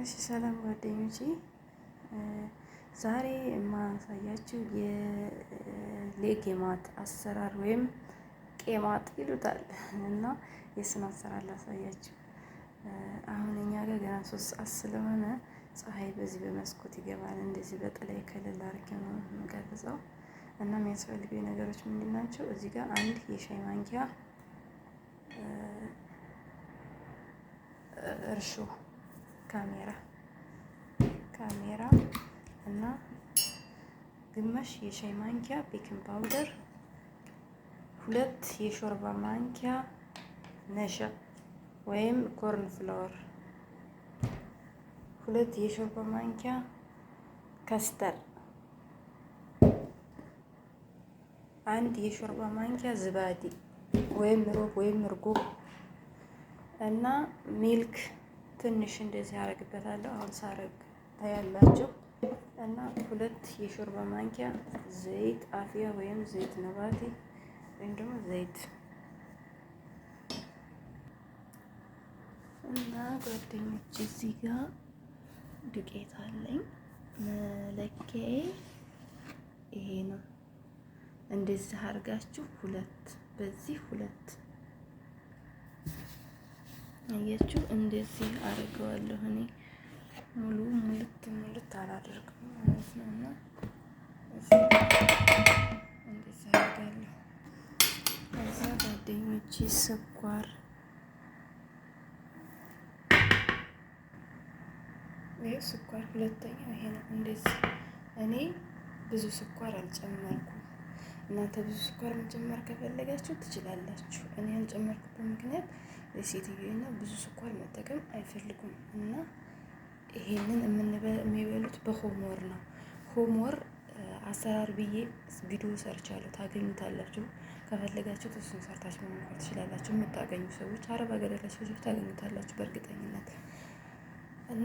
እሺ ሰላም ጓደኞቼ፣ ዛሬ የማሳያችሁ የሌጌማት አሰራር ወይም ቄማጥ ይሉታል እና የስን አሰራር ላሳያችሁ። አሁን እኛ ጋር ገና ሶስት ሰዓት ስለሆነ ፀሐይ በዚህ በመስኮት ይገባል። እንደዚህ በጥላይ ከልል አድርጌ ነው የምቀርጸው እና የሚያስፈልጉ ነገሮች ምንድን ናቸው? እዚህ ጋር አንድ የሻይ ማንኪያ እርሾ ካሜራ ካሜራ እና ግማሽ የሻይ ማንኪያ ቤኪንግ ፓውደር፣ ሁለት የሾርባ ማንኪያ ነሻ ወይም ኮርን ፍላወር፣ ሁለት የሾርባ ማንኪያ ከስተር፣ አንድ የሾርባ ማንኪያ ዝባዲ ወይም ሮብ ወይም እርጎ እና ሚልክ ትንሽ እንደዚህ አረግበታለሁ። አሁን ሳረግ ታያላችሁ። እና ሁለት የሾርባ ማንኪያ ዘይት አፍያ ወይም ዘይት ነባቲ ወይም ደግሞ ዘይት እና ጓደኞች፣ እዚህ ጋር ዱቄት አለኝ። መለኪያዬ ይሄ ነው። እንደዚህ አድርጋችሁ ሁለት በዚህ ሁለት አያችሁ እንደዚህ አድርገዋለሁ እኔ ሙሉ ሙልት ሙልት አላደርግም ማለት ነው እና እንደዚህ አድርጋለሁ ከዛ ጓደኞቼ ስኳር ይህ ስኳር ሁለተኛ ይሄ ነው እንደዚህ እኔ ብዙ ስኳር አልጨመርኩም እናንተ ብዙ ስኳር መጨመር ከፈለጋችሁ ትችላላችሁ እኔ ያልጨመርኩበት ምክንያት ሴትዮና ብዙ ስኳር መጠቀም አይፈልጉም እና ይሄንን የሚበሉት በሆምወር ነው። ሆምወር አሰራር ብዬ ቪዲዮ ሰርቻለሁ፣ ታገኙታላችሁ። ከፈለጋችሁ እሱን ሰርታችሁ መሞከር ትችላላችሁ። የምታገኙ ሰዎች አረብ ሀገር ያላችሁ ሰዎች ታገኙታላችሁ በእርግጠኝነት እና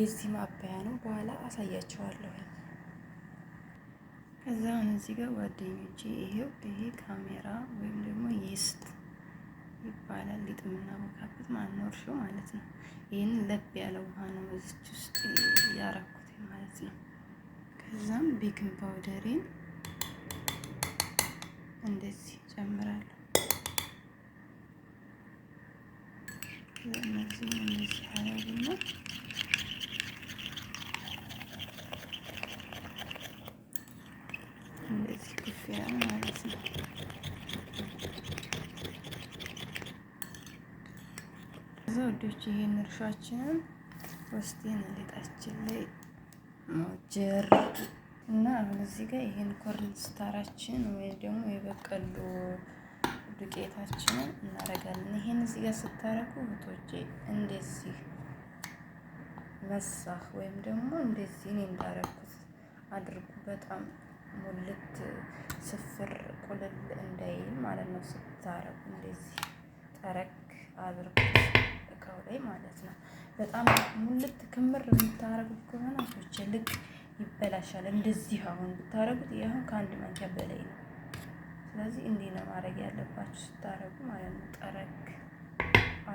የዚህ ማባያ ነው። በኋላ አሳያችኋለሁ። ከዛ እዚህ ጋር ጓደኞቼ ይሄው ይሄ ካሜራ ወይም ደግሞ ይስጥ ይባላል። ሊጥ የምናቦካበት ማነው እርሾ ማለት ነው። ይህንን ለብ ያለ ውሃ ነው እዚች ውስጥ እያረኩት ማለት ነው። ከዛም ቤኪንግ ፓውደሬን እንደዚህ ጨምራለሁ። እነዚህ እንደዚህ አረግና እንደዚህ ማለት ነው። ውዶች ይሄን እርሻችንን ወስደን እንዴጣችን ላይ ሞጀር እና አሁን እዚህ ጋር ይሄን ኮርን ስታራችን ወይ ደግሞ የበቀሉ ዱቄታችንን እናደርጋለን። ይሄን እዚህ ጋር ስታረጉ ውዶቼ እንደዚህ መሳህ ወይም ደግሞ እንደዚህ እኔ እንዳረኩት አድርጉ። በጣም ሙልት ስፍር ቁልል እንዳይል ማለት ነው። ስታረጉ እንደዚህ ጠረግ አድርጉ። ጫካው ላይ ማለት ነው። በጣም ሙልት ክምር የምታረጉት ከሆነ ሶች ልክ ይበላሻል። እንደዚህ አሁን ብታረጉት ይሁን ከአንድ ማንኪያ በላይ ነው። ስለዚህ እንዲህ ነው ማድረግ ያለባችሁ ስታረጉ ማለት ነው። ጠረግ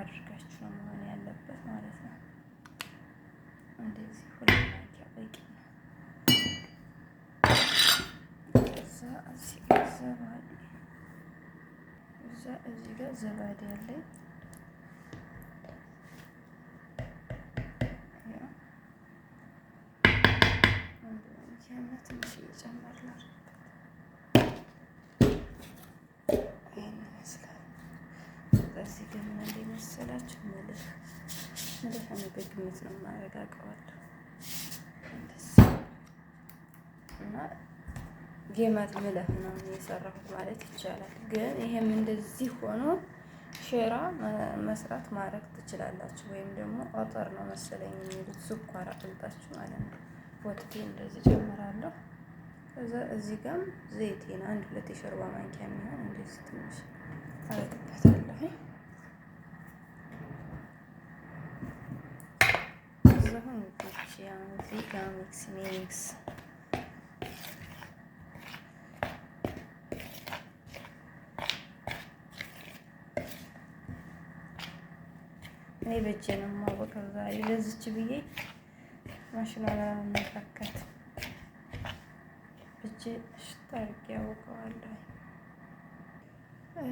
አድርጋችሁ ነው መሆን ያለበት ማለት ነው። እንደዚህ ሁለት ማንኪያ በቂ ነው። እዛ እዚህ ጋር ዘባዴ እዛ ዘባዴ ያለኝ ይህን ትንሽ እየጨመር ነው። ይህን ይመስላል። በዚህ ግን ምን እንደመሰላችሁ ምልህ ምልህ ምግብነት ነው ማረጋገዋለሁ እና ጌማት ምልህ ነው የሰራሁት ማለት ይቻላል። ግን ይሄም እንደዚህ ሆኖ ሼራ መስራት ማድረግ ትችላላችሁ። ወይም ደግሞ ኦጠር ነው መሰለኝ የሚሉት ስኳር አቅልጣችሁ ማለት ነው። ወተቴ እንደዚህ ጨምራለሁ። እዛ እዚህ ጋም ዘይቴን አንድ ሁለት የሾርባ ማንኪያ የሚሆን እንደዚህ ትንሽ አረግበታለሁ። እዛሁን ቶች እዚህ ጋ ሚክስ ሚክስ እኔ ዛሬ ብዬ ማሽኑ አላመለካከት እጄ እሽት አድርጌ ያውቀዋለሁ።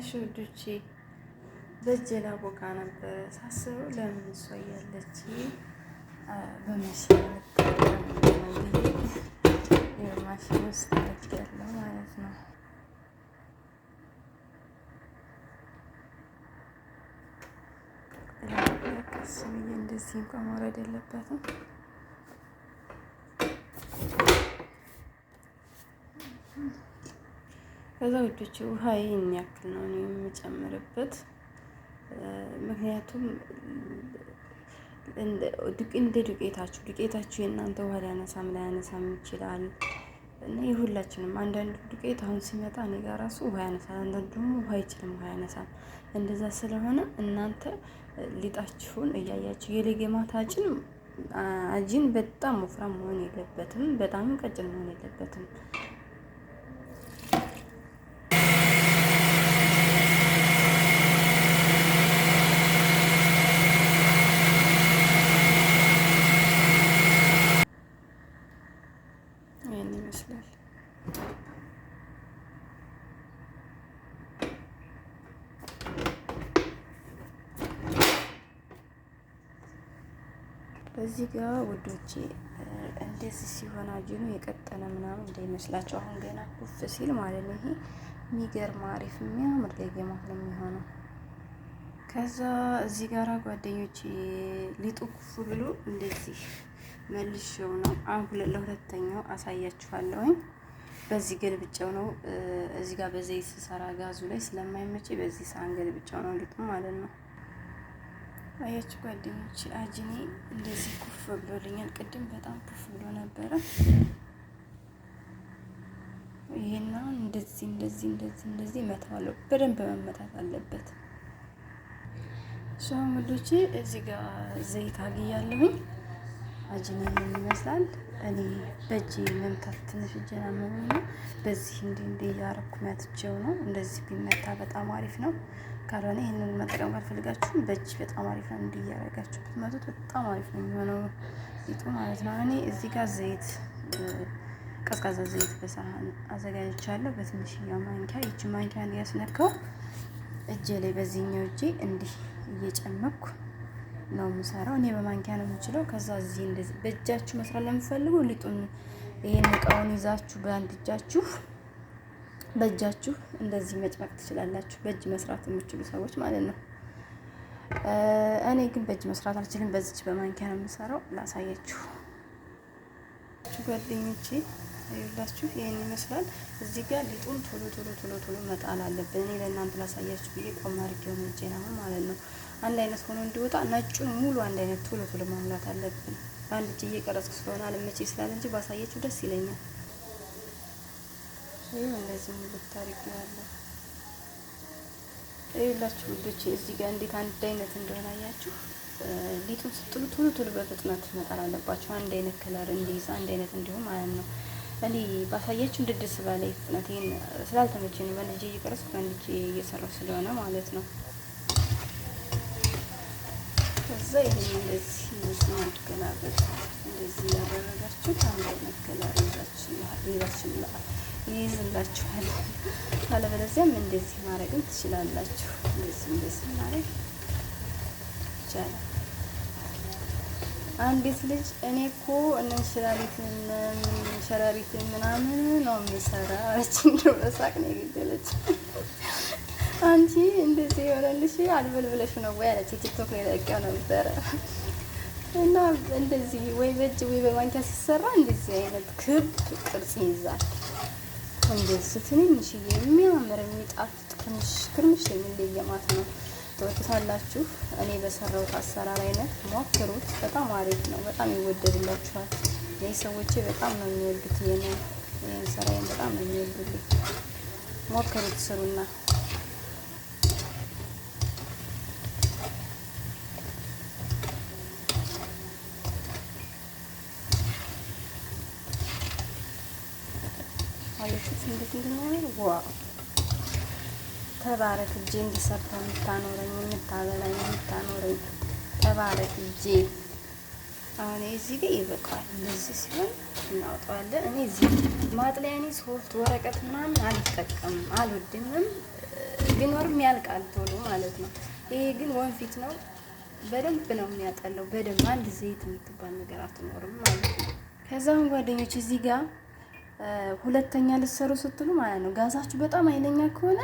እሺ ውዶቼ በእጄ ላቦካ ነበር ሳስበው ለምን እሷ እያለች በመሽን ማሽን ውስጥ ያለው ማለት ነው። እንደዚህ እንኳን መውረድ የለበትም። ከዛ ውዶች ውሃ ይህን ያክል ነው የምጨምርበት። ምክንያቱም እንደ ዱቄታችሁ ዱቄታችሁ የእናንተ ውሃ ሊያነሳም ላያነሳም ይችላል እና የሁላችንም አንዳንዱ ዱቄት አሁን ሲመጣ እኔ ጋር ራሱ ውሃ ያነሳል፣ አንዳንዱ ደግሞ ውሃ አይችልም፣ ውሃ ያነሳል። እንደዛ ስለሆነ እናንተ ሊጣችሁን እያያችሁ የሌጌ ማታጭን አጂን በጣም ወፍራም መሆን የለበትም፣ በጣም ቀጭን መሆን የለበትም። እዚህ ጋር ውዶቼ እንደዚህ ሲሆን አጅኑ የቀጠነ ምናምን እንዳይመስላችሁ። አሁን ገና ኩፍ ሲል ማለት ነው። ይሄ የሚገርም አሪፍ የሚያምር ለየማ ነው የሚሆነው። ከዛ እዚህ ጋራ ጓደኞች ሊጡ ኩፍ ብሎ እንደዚህ መልሼው ነው አሁን ለሁለተኛው አሳያችኋለሁኝ። በዚህ ገልብጨው ነው እዚህ ጋር በዘይት ስሰራ ጋዙ ላይ ስለማይመቼ በዚህ ሳህን ገልብጨው ነው ሊጡ ማለት ነው። አያችሁ ጓደኞች፣ አጅኔ እንደዚህ ኩፍ ብሎልኛል። ቅድም በጣም ኩፍ ብሎ ነበረ። ይሄና እንደዚህ እንደዚህ እንደዚህ እንደዚህ እመታዋለሁ። በደንብ መመታት አለበት። ሻሙዶቼ እዚህ ጋር ዘይት አግያለሁኝ። አጅን ይመስላል። እኔ በእጅ መምታት ትንሽ እጄን ነው። በዚህ እንዲ እንዲ እያረኩ መትቼው ነው። እንደዚህ ቢመታ በጣም አሪፍ ነው። ካልሆነ ይህንን መጠቀም ካልፈልጋችሁም በእጅ በጣም አሪፍ ነው። እንዲ እያረጋችሁ ብትመቱት በጣም አሪፍ ነው የሚሆነው ሊጡ ማለት ነው። እኔ እዚህ ጋር ዘይት ቀዝቃዛ ዘይት በሳህን አዘጋጅቻለሁ። በትንሽያ ማንኪያ እጅ ማንኪያ ያስነካው እጄ ላይ በዚህኛው እጄ እንዲህ እየጨመኩ ነው የምሰራው። እኔ በማንኪያ ነው የምችለው። ከዛ እዚህ እንደዚህ በእጃችሁ መስራት ለምፈልጉ ሊጡን ይህን እቃውን ይዛችሁ በአንድ እጃችሁ በእጃችሁ እንደዚህ መጭመቅ ትችላላችሁ። በእጅ መስራት የምችሉ ሰዎች ማለት ነው። እኔ ግን በእጅ መስራት አልችልም። በዚች በማንኪያ ነው የምሰራው። ላሳያችሁ ጓደኞቼ ይላችሁ ይህን ይመስላል። እዚህ ጋር ሊጡን ቶሎ ቶሎ ቶሎ ቶሎ መጣል አለብን። እኔ ለእናንተ ላሳያችሁ ብዬ ቆም አድርጌው ነው ማለት ነው። አንድ አይነት ሆኖ እንዲወጣ ነጩን ሙሉ አንድ አይነት ቶሎ ቶሎ ማሙላት አለብን። በአንድ እጅ እየቀረጽኩ ስለሆነ አልመቼ ስላለ እንጂ ባሳየችው ደስ ይለኛል። ይህ እንደዚህ ሙሉ ታሪክ ነው ያለው። ይኸውላችሁ ውዶች እዚህ ጋር እንዴት አንድ አይነት እንደሆነ አያችሁ። ሊጡን ስትሉ ቶሎ ቶሎ በፍጥነት መጣል አለባችሁ። አንድ አይነት ከለር እንዲይዝ አንድ አይነት እንዲሁም ማለት ነው። እኔ ባሳያችሁ እንድድስ ባለ ፍጥነት ይህን ስላልተመቸኝ በአንድ እጄ እየቀረጽኩ በአንድ እጄ እየሰራሁ ስለሆነ ማለት ነው። ይሄን እንደዚህ እንደዚህ አድገናበት እንደዚህ ያደረጋችሁ አንድ አይነት ከለር ይይዝላችኋል። አለበለዚያም እንደዚህ ማድረግም ትችላላችሁ። እንደዚህ እንደዚህ ማድረግ ይቻላል። አንዲት ልጅ እኔ እኮ እነ እንሽላሊትን ምናምን ነው የሚሰራ አለች። እንደው በሳቅ ነው የገደለች አንቺ እንደዚህ የሆነልሽ አልበል ብለሽ ነው ወይ አለች። ቲክቶክ ላይ ለቀው ነበረ እና እንደዚህ ወይ በእጅ ወይ በማንኪያ ሲሰራ እንደዚህ አይነት ክብ ቅርጽ ይይዛል። እንደዚህ ትንንሽዬ የሚያምር የሚጣፍጥ ክርምሽ ክርምሽ የሚል የማት ነው። ትወዱታላችሁ። እኔ በሰራሁት አሰራር አይነት ሞክሩት። በጣም አሪፍ ነው። በጣም ይወደድላችኋል። ይህ ሰዎቼ በጣም ነው የሚወዱት። ይሄን ስራዬን በጣም ነው የሚወዱልኝ። ሞክሩት ስሩና ተባረክ እጄ እንዲሰርተ የምታኖረኝ የምታበላኝ የምታኖረኝ ተባረክ እጄ። አሁን እዚህ ጋር ይበቃል። እንደዚህ ሲሆን እናውጠዋለን። እኔ እዚህ ማጥለያኒ ሶፍት ወረቀት ምናምን አልጠቀምም አልወድምም። ቢኖርም ያልቃል ቶሎ ማለት ነው። ይሄ ግን ወንፊት ነው። በደንብ ነው የሚያጠለው። በደንብ አንድ ዘይት የምትባል ነገር አትኖርም ማለት ነው። ከዛም ጓደኞች እዚህ ጋር ሁለተኛ ልትሰሩ ስትሉ ማለት ነው ጋዛችሁ በጣም አይለኛ ከሆነ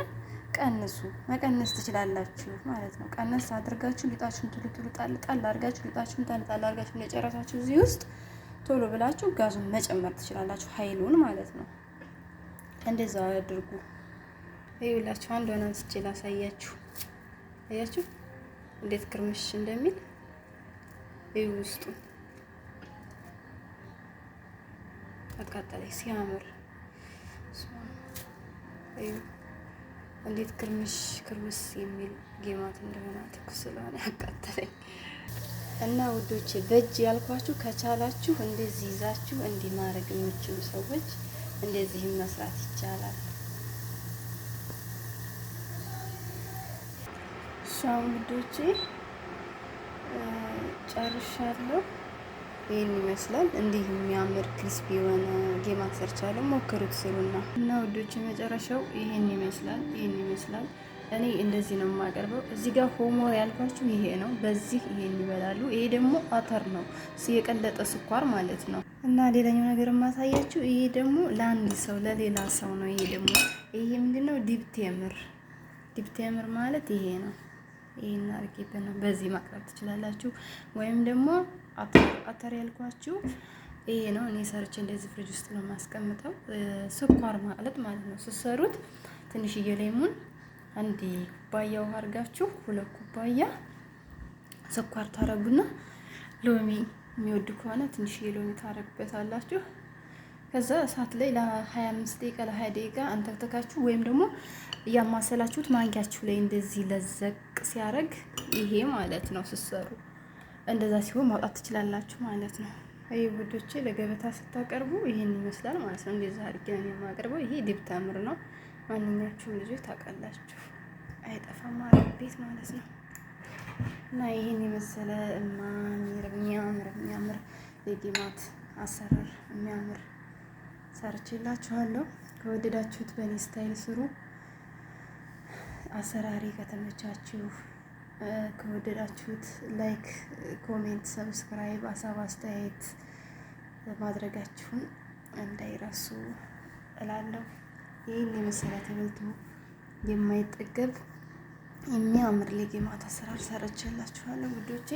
ቀንሱ፣ መቀነስ ትችላላችሁ ማለት ነው። ቀነስ አድርጋችሁ ሊጣችሁን ቱሉ ቱሉ ጣል ጣል አድርጋችሁ ሊጣችሁን ጣል ጣል አድርጋችሁ እንደጨረሳችሁ እዚህ ውስጥ ቶሎ ብላችሁ ጋዙን መጨመር ትችላላችሁ፣ ኃይሉን ማለት ነው። እንደዛ አድርጉ። ይኸውላችሁ አንድ ሆነ አንስቼ ላሳያችሁ። አያችሁ እንዴት ክርምሽ እንደሚል እዩ። ውስጡ አቃጣላይ ሲያምር እዩ እንዴት ክርምሽ ክርምስ የሚል ጌማት እንደሆነ ትኩስ ስለሆነ ያቃጠለኝ እና ውዶች፣ በእጅ ያልኳችሁ ከቻላችሁ እንደዚህ ይዛችሁ እንዲህ ማድረግ ሰዎች እንደዚህም መስራት ይቻላል። እሷም ውዶቼ ጨርሻለሁ። ይህን ይመስላል። እንዲህ የሚያምር ክሪስፒ የሆነ ጌማ ሰርቻለሁ። ሞክሩት ስሩና እና ውዶች የመጨረሻው ይህን ይመስላል። ይህን ይመስላል። እኔ እንደዚህ ነው የማቀርበው። እዚህ ጋር ሆሞር ያልኳችሁ ይሄ ነው። በዚህ ይሄን ይበላሉ። ይሄ ደግሞ አተር ነው፣ የቀለጠ ስኳር ማለት ነው። እና ሌላኛው ነገር የማሳያችሁ ይሄ ደግሞ ለአንድ ሰው ለሌላ ሰው ነው። ይሄ ደግሞ ይሄ ምንድነው? ዲፕቴምር ዲፕቴምር ማለት ይሄ ነው። ይሄን አርጌበት ነው። በዚህ ማቅረብ ትችላላችሁ ወይም ደግሞ አተር ያልኳችሁ ይሄ ነው። እኔ ሰርች እንደዚህ ፍሪጅ ውስጥ ነው የማስቀምጠው። ስኳር ማቅለጥ ማለት ነው። ስትሰሩት ትንሽዬ ሌሙን አንድ ኩባያ ውሃ አድርጋችሁ ሁለት ኩባያ ስኳር ታረጉና ሎሚ የሚወድ ከሆነ ትንሽዬ ሎሚ ታረጉበታላችሁ። ከዛ እሳት ላይ ለ25 ደቂቃ ለ20 ደቂቃ አንተክተካችሁ ወይም ደግሞ እያማሰላችሁት ማንኪያችሁ ላይ እንደዚህ ለዘቅ ሲያደርግ ይሄ ማለት ነው ስትሰሩ እንደዛ ሲሆን ማውጣት ትችላላችሁ ማለት ነው። ይህ ውዶቼ ለገበታ ስታቀርቡ ይህን ይመስላል ማለት ነው። እንደዛ አድርጌ ነው የማቀርበው። ይሄ ዲብ ተምር ነው። ማንኛችሁም ልጆች ታውቃላችሁ፣ አይጠፋም ማለት ቤት ማለት ነው። እና ይህን የመሰለ ማሚር የሚያምር የሚያምር የጌማት አሰራር የሚያምር ሰርችላችኋለሁ። ከወደዳችሁት በኔ ስታይል ስሩ። አሰራሪ ከተመቻችሁ ከወደዳችሁት ላይክ፣ ኮሜንት፣ ሰብስክራይብ፣ አሳብ አስተያየት ማድረጋችሁን እንዳይረሱ እላለሁ። ይህን የመሰለ ተበልቶ የማይጠገብ የሚያምር ሌጌማት አሰራር ሰርቼላችኋለሁ ውዶቼ።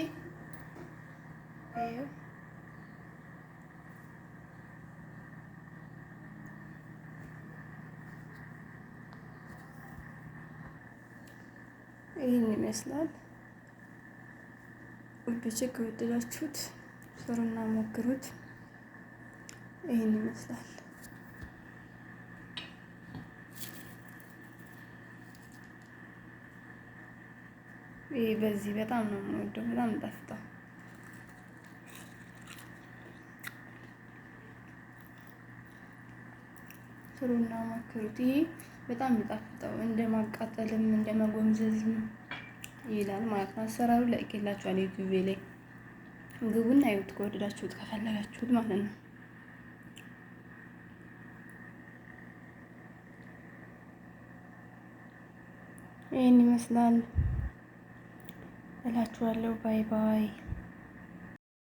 ይህን ይመስላል። ውዶቼ ከወደዳችሁት ስሩና ሞክሩት። ይህን ይመስላል። ይህ በዚህ በጣም ነው የምወደው፣ በጣም ጠፍጠው ስሩና ሞክሩት። ይሄ በጣም የሚጣፍጠው እንደ ማቃጠልም እንደ መጎምዘዝም ይላል ማለት ነው። አሰራሩ ለቅቄላችኋለሁ ዩቲዩብ ላይ ግቡና እዩት ከወደዳችሁት ከፈለጋችሁት ማለት ነው። ይህን ይመስላል እላችኋለሁ። ባይ ባይ